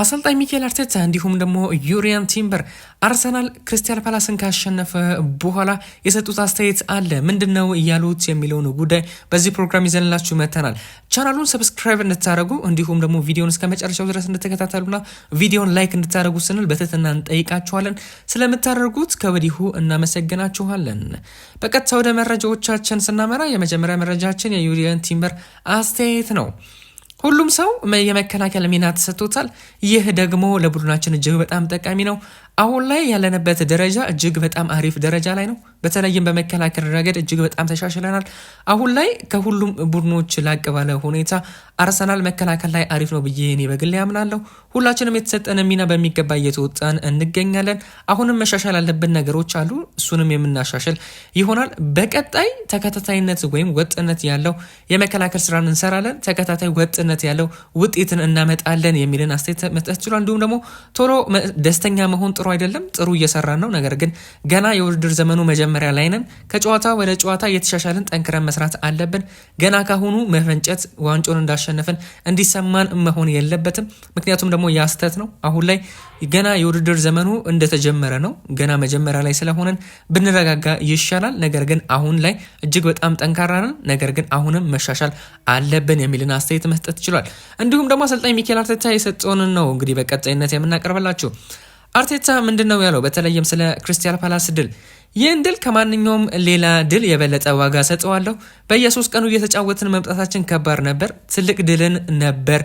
አሰልጣኝ ሚኬል አርቴታ እንዲሁም ደግሞ ዩሪያን ቲምበር አርሰናል ክርስቲያን ፓላስን ካሸነፈ በኋላ የሰጡት አስተያየት አለ። ምንድን ነው እያሉት የሚለውን ጉዳይ በዚህ ፕሮግራም ይዘንላችሁ መተናል። ቻናሉን ሰብስክራይብ እንድታደረጉ እንዲሁም ደግሞ ቪዲዮን እስከ መጨረሻው ድረስ እንድትከታተሉና ቪዲዮን ላይክ እንድታደረጉ ስንል በትህትና እንጠይቃችኋለን። ስለምታደርጉት ከወዲሁ እናመሰግናችኋለን። በቀጥታ ወደ መረጃዎቻችን ስናመራ የመጀመሪያ መረጃችን የዩሪያን ቲምበር አስተያየት ነው። ሁሉም ሰው የመከላከል ሚና ተሰጥቶታል። ይህ ደግሞ ለቡድናችን እጅግ በጣም ጠቃሚ ነው። አሁን ላይ ያለንበት ደረጃ እጅግ በጣም አሪፍ ደረጃ ላይ ነው። በተለይም በመከላከል ረገድ እጅግ በጣም ተሻሽለናል። አሁን ላይ ከሁሉም ቡድኖች ላቅ ባለ ሁኔታ አርሰናል መከላከል ላይ አሪፍ ነው ብዬ እኔ በግል ያምናለሁ። ሁላችንም የተሰጠን ሚና በሚገባ እየተወጣን እንገኛለን። አሁንም መሻሻል ያለብን ነገሮች አሉ። እሱንም የምናሻሽል ይሆናል። በቀጣይ ተከታታይነት ወይም ወጥነት ያለው የመከላከል ስራን እንሰራለን። ተከታታይ ወጥነት ያለው ውጤትን እናመጣለን የሚልን አስተያየት መስጠት ችሏል። እንዲሁም ደግሞ ቶሎ ደስተኛ መሆን ጥሩ አይደለም፣ ጥሩ እየሰራን ነው። ነገር ግን ገና የውድድር ዘመኑ መጀመሪያ ላይ ነን። ከጨዋታ ወደ ጨዋታ እየተሻሻልን ጠንክረን መስራት አለብን። ገና ካሁኑ መፈንጨት ዋንጮን እንዳሸነፍን እንዲሰማን መሆን የለበትም። ምክንያቱም ደግሞ ያስተት ነው። አሁን ላይ ገና የውድድር ዘመኑ እንደተጀመረ ነው። ገና መጀመሪያ ላይ ስለሆነን ብንረጋጋ ይሻላል። ነገር ግን አሁን ላይ እጅግ በጣም ጠንካራ ነን። ነገር ግን አሁንም መሻሻል አለብን የሚልን አስተያየት መስጠት ችሏል እንዲሁም ደግሞ አሰልጣኝ ሚኬል አርቴታ የሰጠውን ነው እንግዲህ በቀጣይነት የምናቀርበላችሁ አርቴታ ምንድን ነው ያለው? በተለይም ስለ ክሪስታል ፓላስ ድል ይህን ድል ከማንኛውም ሌላ ድል የበለጠ ዋጋ ሰጠዋለሁ። በየሶስት ቀኑ እየተጫወትን መምጣታችን ከባድ ነበር። ትልቅ ድልን ነበር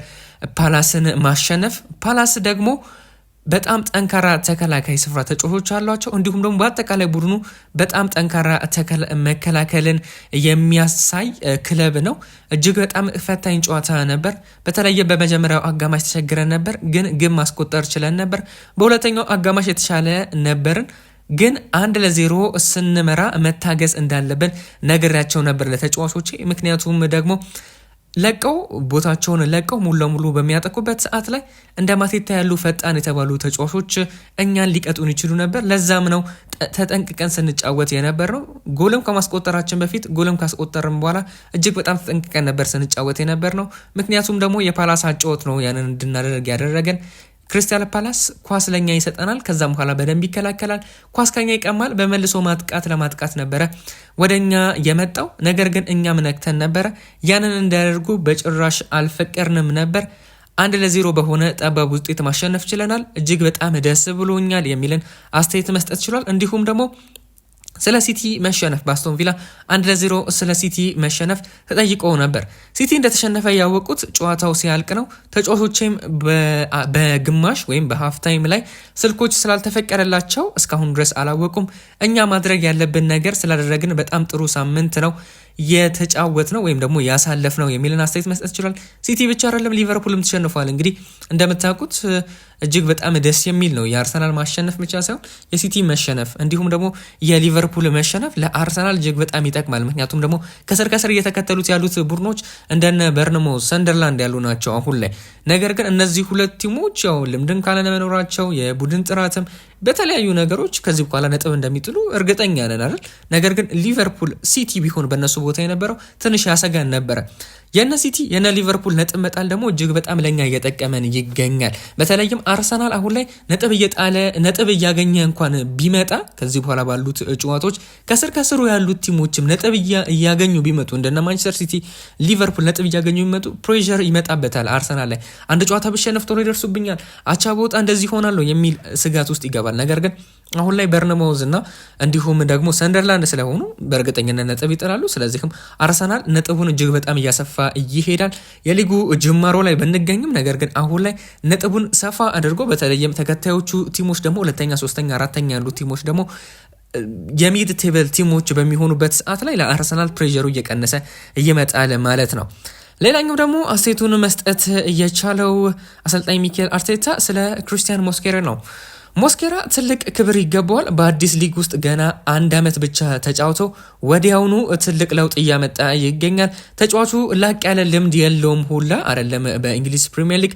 ፓላስን ማሸነፍ ፓላስ ደግሞ በጣም ጠንካራ ተከላካይ ስፍራ ተጫዋቾች አሏቸው። እንዲሁም ደግሞ በአጠቃላይ ቡድኑ በጣም ጠንካራ መከላከልን የሚያሳይ ክለብ ነው። እጅግ በጣም ፈታኝ ጨዋታ ነበር። በተለየ በመጀመሪያው አጋማሽ ተቸግረን ነበር፣ ግን ግብ ማስቆጠር ችለን ነበር። በሁለተኛው አጋማሽ የተሻለ ነበርን ግን አንድ ለዜሮ ስንመራ መታገዝ እንዳለብን ነግሬያቸው ነበር ለተጫዋቾቼ ምክንያቱም ደግሞ ለቀው ቦታቸውን ለቀው ሙሉ ለሙሉ በሚያጠቁበት ሰዓት ላይ እንደ ማቴታ ያሉ ፈጣን የተባሉ ተጫዋቾች እኛን ሊቀጡን ይችሉ ነበር። ለዛም ነው ተጠንቅቀን ስንጫወት የነበር ነው። ጎልም ከማስቆጠራችን በፊት ጎልም ካስቆጠርም በኋላ እጅግ በጣም ተጠንቅቀን ነበር ስንጫወት የነበር ነው። ምክንያቱም ደግሞ የፓላሳ ጨወት ነው ያንን እንድናደርግ ያደረገን። ክሪስታል ፓላስ ኳስ ለኛ ይሰጠናል፣ ከዛም በኋላ በደንብ ይከላከላል፣ ኳስ ከኛ ይቀማል። በመልሶ ማጥቃት ለማጥቃት ነበረ ወደ እኛ የመጣው ነገር ግን እኛም ነክተን ነበረ። ያንን እንዲያደርጉ በጭራሽ አልፈቀርንም ነበር። አንድ ለዜሮ በሆነ ጠባብ ውጤት ማሸነፍ ችለናል። እጅግ በጣም ደስ ብሎኛል የሚልን አስተያየት መስጠት ችሏል። እንዲሁም ደግሞ ስለ ሲቲ መሸነፍ በአስቶን ቪላ አንድ ለዜሮ ስለ ሲቲ መሸነፍ ተጠይቆ ነበር። ሲቲ እንደተሸነፈ ያወቁት ጨዋታው ሲያልቅ ነው። ተጫዋቾችም በግማሽ ወይም በሀፍታይም ላይ ስልኮች ስላልተፈቀደላቸው እስካሁን ድረስ አላወቁም። እኛ ማድረግ ያለብን ነገር ስላደረግን በጣም ጥሩ ሳምንት ነው የተጫወት ነው ወይም ደግሞ ያሳለፍ ነው የሚልን አስተያየት መስጠት ይችላል። ሲቲ ብቻ አይደለም ሊቨርፑልም ተሸንፏል። እንግዲህ እንደምታውቁት እጅግ በጣም ደስ የሚል ነው። የአርሰናል ማሸነፍ ብቻ ሳይሆን የሲቲ መሸነፍ እንዲሁም ደግሞ የሊቨርፑል መሸነፍ ለአርሰናል እጅግ በጣም ይጠቅማል። ምክንያቱም ደግሞ ከስር ከስር እየተከተሉት ያሉት ቡድኖች እንደነ በርንሞ፣ ሰንደርላንድ ያሉ ናቸው አሁን ላይ። ነገር ግን እነዚህ ሁለት ቲሞች ያው ልምድን ካለመኖራቸው የቡድን ጥራትም በተለያዩ ነገሮች ከዚህ በኋላ ነጥብ እንደሚጥሉ እርግጠኛ ነን አይደል? ነገር ግን ሊቨርፑል ሲቲ ቢሆን በእነሱ ቦታ የነበረው ትንሽ ያሰጋን ነበረ። የነ ሲቲ የነ ሊቨርፑል ነጥብ መጣል ደግሞ እጅግ በጣም ለእኛ እየጠቀመን ይገኛል። በተለይም አርሰናል አሁን ላይ ነጥብ እየጣለ ነጥብ እያገኘ እንኳን ቢመጣ ከዚህ በኋላ ባሉት ጨዋታዎች ከስር ከስሩ ያሉት ቲሞችም ነጥብ እያገኙ ቢመጡ እንደነ ማንቸስተር ሲቲ፣ ሊቨርፑል ነጥብ እያገኙ ቢመጡ ፕሬሸር ይመጣበታል አርሰናል ላይ አንድ ጨዋታ ብሸነፍ ቶሎ ይደርሱብኛል፣ አቻ በወጣ እንደዚህ ሆናለሁ የሚል ስጋት ውስጥ ይገባል። ይገባል። ነገር ግን አሁን ላይ በርነመውዝ እና እንዲሁም ደግሞ ሰንደርላንድ ስለሆኑ በእርግጠኝነት ነጥብ ይጥላሉ። ስለዚህም አርሰናል ነጥቡን እጅግ በጣም እያሰፋ ይሄዳል። የሊጉ ጅማሮ ላይ ብንገኝም ነገር ግን አሁን ላይ ነጥቡን ሰፋ አድርጎ በተለይም ተከታዮቹ ቲሞች ደግሞ ሁለተኛ፣ ሶስተኛ፣ አራተኛ ያሉ ቲሞች ደግሞ የሚድ ቴብል ቲሞች በሚሆኑበት ሰዓት ላይ ለአርሰናል ፕሬሩ እየቀነሰ እየመጣል ማለት ነው። ሌላኛው ደግሞ አስተያየቱን መስጠት እየቻለው አሰልጣኝ ሚካኤል አርቴታ ስለ ክሪስቲያን ሞስኬሬ ነው። ሞስኬራ ትልቅ ክብር ይገባዋል። በአዲስ ሊግ ውስጥ ገና አንድ ዓመት ብቻ ተጫውቶ ወዲያውኑ ትልቅ ለውጥ እያመጣ ይገኛል። ተጫዋቹ ላቅ ያለ ልምድ የለውም ሁላ አይደለም በእንግሊዝ ፕሪምየር ሊግ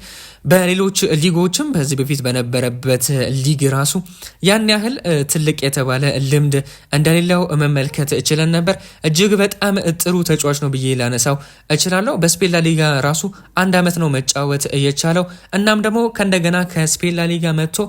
በሌሎች ሊጎችም በዚህ በፊት በነበረበት ሊግ ራሱ ያን ያህል ትልቅ የተባለ ልምድ እንደሌለው መመልከት እችለን ነበር። እጅግ በጣም ጥሩ ተጫዋች ነው ብዬ ላነሳው እችላለሁ። በስፔን ላሊጋ ራሱ አንድ ዓመት ነው መጫወት የቻለው። እናም ደግሞ ከእንደገና ከስፔን ላሊጋ መጥቶ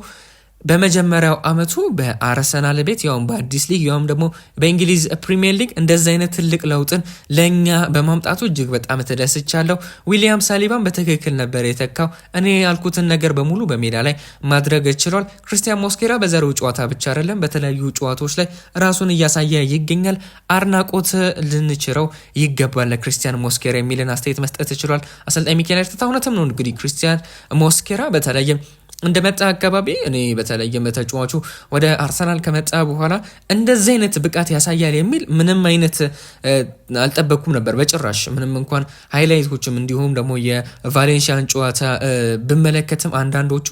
በመጀመሪያው አመቱ በአርሰናል ቤት ያውም በአዲስ ሊግ ያውም ደግሞ በእንግሊዝ ፕሪሚየር ሊግ እንደዚ አይነት ትልቅ ለውጥን ለእኛ በማምጣቱ እጅግ በጣም ተደስቻለሁ። ዊሊያም ሳሊባን በትክክል ነበር የተካው። እኔ ያልኩትን ነገር በሙሉ በሜዳ ላይ ማድረግ ችሏል። ክርስቲያን ሞስኬራ በዘረው ጨዋታ ብቻ አይደለም፣ በተለያዩ ጨዋታዎች ላይ ራሱን እያሳየ ይገኛል። አድናቆት ልንችረው ይገባል ለክርስቲያን ሞስኬራ የሚልን አስተያየት መስጠት ችሏል አሰልጣኝ ሚካኤል አርቴታ። እውነትም ነው እንግዲህ ክርስቲያን ሞስኬራ በተለይም እንደመጣ አካባቢ እኔ በተለይም ተጫዋቹ ወደ አርሰናል ከመጣ በኋላ እንደዚህ አይነት ብቃት ያሳያል የሚል ምንም አይነት አልጠበኩም ነበር በጭራሽ። ምንም እንኳን ሃይላይቶችም እንዲሁም ደግሞ የቫሌንሲያን ጨዋታ ብመለከትም አንዳንዶቹ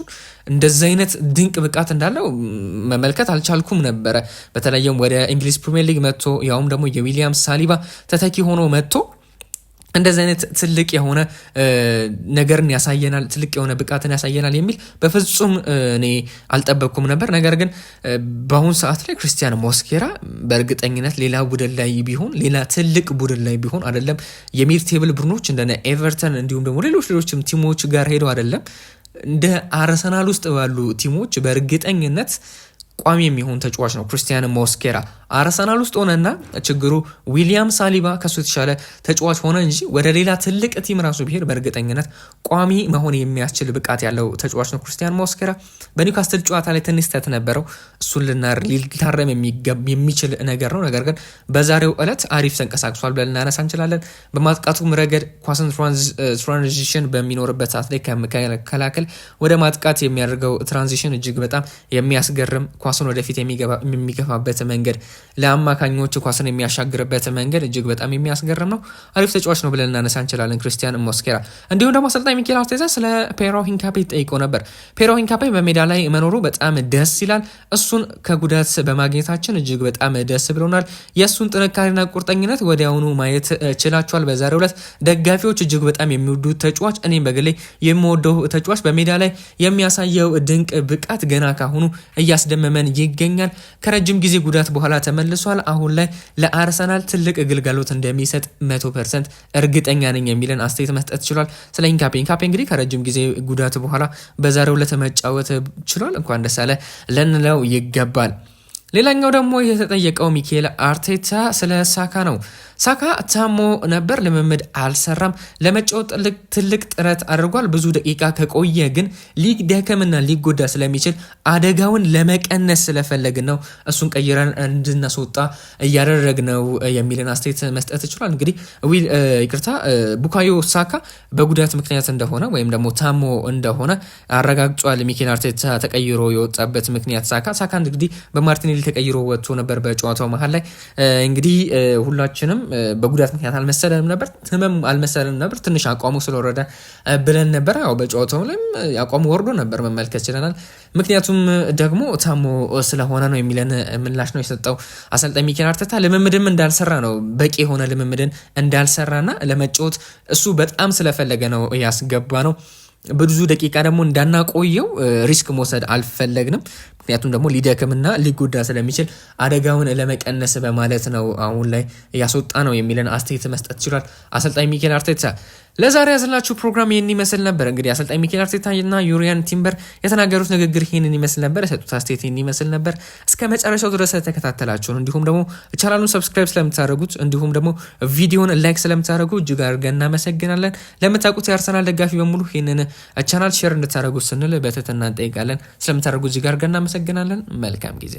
እንደዚህ አይነት ድንቅ ብቃት እንዳለው መመልከት አልቻልኩም ነበረ። በተለይም ወደ እንግሊዝ ፕሪሚየር ሊግ መጥቶ ያውም ደግሞ የዊሊያም ሳሊባ ተተኪ ሆኖ መጥቶ እንደዚህ አይነት ትልቅ የሆነ ነገርን ያሳየናል፣ ትልቅ የሆነ ብቃትን ያሳየናል የሚል በፍጹም እኔ አልጠበቅኩም ነበር። ነገር ግን በአሁኑ ሰዓት ላይ ክርስቲያን ሞስኬራ በእርግጠኝነት ሌላ ቡድን ላይ ቢሆን ሌላ ትልቅ ቡድን ላይ ቢሆን አይደለም የሚድ ቴብል ቡድኖች እንደ ኤቨርተን እንዲሁም ደግሞ ሌሎች ሌሎችም ቲሞች ጋር ሄደው አይደለም እንደ አርሰናል ውስጥ ባሉ ቲሞች በእርግጠኝነት ቋሚ የሚሆን ተጫዋች ነው ክርስቲያን ሞስኬራ። አርሰናል ውስጥ ሆነና ችግሩ ዊሊያም ሳሊባ ከሱ የተሻለ ተጫዋች ሆነ እንጂ ወደ ሌላ ትልቅ ቲም ራሱ ብሄር በእርግጠኝነት ቋሚ መሆን የሚያስችል ብቃት ያለው ተጫዋች ነው ክርስቲያን ሞስኬራ። በኒውካስትል ጨዋታ ላይ ትንሽ ተት ነበረው። እሱን ሊታረም የሚችል ነገር ነው። ነገር ግን በዛሬው ዕለት አሪፍ ተንቀሳቅሷል ብለን ልናነሳ እንችላለን። በማጥቃቱም ረገድ ኳስን ትራንዚሽን በሚኖርበት ሰዓት ላይ ከመከላከል ወደ ማጥቃት የሚያደርገው ትራንዚሽን እጅግ በጣም የሚያስገርም ኳሱን ወደፊት የሚገፋበት መንገድ፣ ለአማካኞች ኳሱን የሚያሻግርበት መንገድ እጅግ በጣም የሚያስገርም ነው። አሪፍ ተጫዋች ነው ብለን እናነሳ እንችላለን ክርስቲያን ሞስኬራ። እንዲሁም ደግሞ አሰልጣኝ ሚኬል አርቴታ ስለ ፔሮ ሂንካፔ ጠይቆ ነበር። ፔሮ ሂንካፔ በሜዳ ላይ መኖሩ በጣም ደስ ይላል። እሱን ከጉዳት በማግኘታችን እጅግ በጣም ደስ ብሎናል። የእሱን ጥንካሬና ቁርጠኝነት ወዲያውኑ ማየት ችላቸዋል። በዛሬው ዕለት ደጋፊዎች እጅግ በጣም የሚወዱት ተጫዋች፣ እኔም በግሌ የሚወደው ተጫዋች በሜዳ ላይ የሚያሳየው ድንቅ ብቃት ገና ካሁኑ እያስደመመ በመታመን ይገኛል። ከረጅም ጊዜ ጉዳት በኋላ ተመልሷል። አሁን ላይ ለአርሰናል ትልቅ ግልጋሎት እንደሚሰጥ መቶ ፐርሰንት እርግጠኛ ነኝ የሚለን አስተያየት መስጠት ችሏል። ስለ ኢንካፔ ኢንካፔ እንግዲህ ከረጅም ጊዜ ጉዳት በኋላ በዛሬው ዕለት መጫወት ችሏል። እንኳን ደስ አለ ልንለው ይገባል። ሌላኛው ደግሞ የተጠየቀው ሚካኤል አርቴታ ስለ ሳካ ነው። ሳካ ታሞ ነበር። ልምምድ አልሰራም። ለመጫወት ትልቅ ጥረት አድርጓል። ብዙ ደቂቃ ከቆየ ግን ሊደከምና ሊጎዳ ስለሚችል አደጋውን ለመቀነስ ስለፈለግን ነው እሱን ቀይረን እንድናስወጣ እያደረግ ነው የሚልን አስተያየት መስጠት ይችሏል። እንግዲህ ዊል ይቅርታ፣ ቡካዮ ሳካ በጉዳት ምክንያት እንደሆነ ወይም ደግሞ ታሞ እንደሆነ አረጋግጧል። ሚኬል አርቴታ ተቀይሮ የወጣበት ምክንያት ሳካ ሳካ እንግዲህ በማርቲኔሊ ተቀይሮ ወጥቶ ነበር በጨዋታው መሀል ላይ እንግዲህ ሁላችንም በጉዳት ምክንያት አልመሰለንም ነበር፣ ህመም አልመሰለንም ነበር። ትንሽ አቋሙ ስለወረደ ብለን ነበር። ያው በጨዋታው ላይም አቋሙ ወርዶ ነበር መመልከት ችለናል። ምክንያቱም ደግሞ ታሞ ስለሆነ ነው የሚለን ምላሽ ነው የሰጠው አሰልጣኝ ሚኬል አርተታ። ልምምድም እንዳልሰራ ነው በቂ የሆነ ልምምድን እንዳልሰራና ለመጫወት እሱ በጣም ስለፈለገ ነው ያስገባ ነው። ብዙ ደቂቃ ደግሞ እንዳናቆየው ሪስክ መውሰድ አልፈለግንም። ምክንያቱም ደግሞ ሊደክምና ሊጎዳ ስለሚችል አደጋውን ለመቀነስ በማለት ነው አሁን ላይ እያስወጣ ነው የሚለን አስተያየት መስጠት ችሏል አሰልጣኝ ሚኬል አርቴታ። ለዛሬ ያዘላችሁ ፕሮግራም ይህን ይመስል ነበር። እንግዲህ አሰልጣኝ ሚኬል አርቴታ እና ዩሪያን ቲምበር የተናገሩት ንግግር ይህንን ይመስል ነበር። የሰጡት አስተያየት ይህን ይመስል ነበር። እስከ መጨረሻው ድረስ ተከታተላችሁን፣ እንዲሁም ደግሞ ቻናሉን ሰብስክራይብ ስለምታደርጉት፣ እንዲሁም ደግሞ ቪዲዮን ላይክ ስለምታደርጉ እጅግ አድርገን እናመሰግናለን። ለምታውቁት የአርሰናል ደጋፊ በሙሉ ይህንን ቻናል ሼር እንድታደርጉት ስንል በትህትና እንጠይቃለን። ስለምታደርጉ እጅግ አድርገን እናመሰግናለን። እናመሰግናለን። መልካም ጊዜ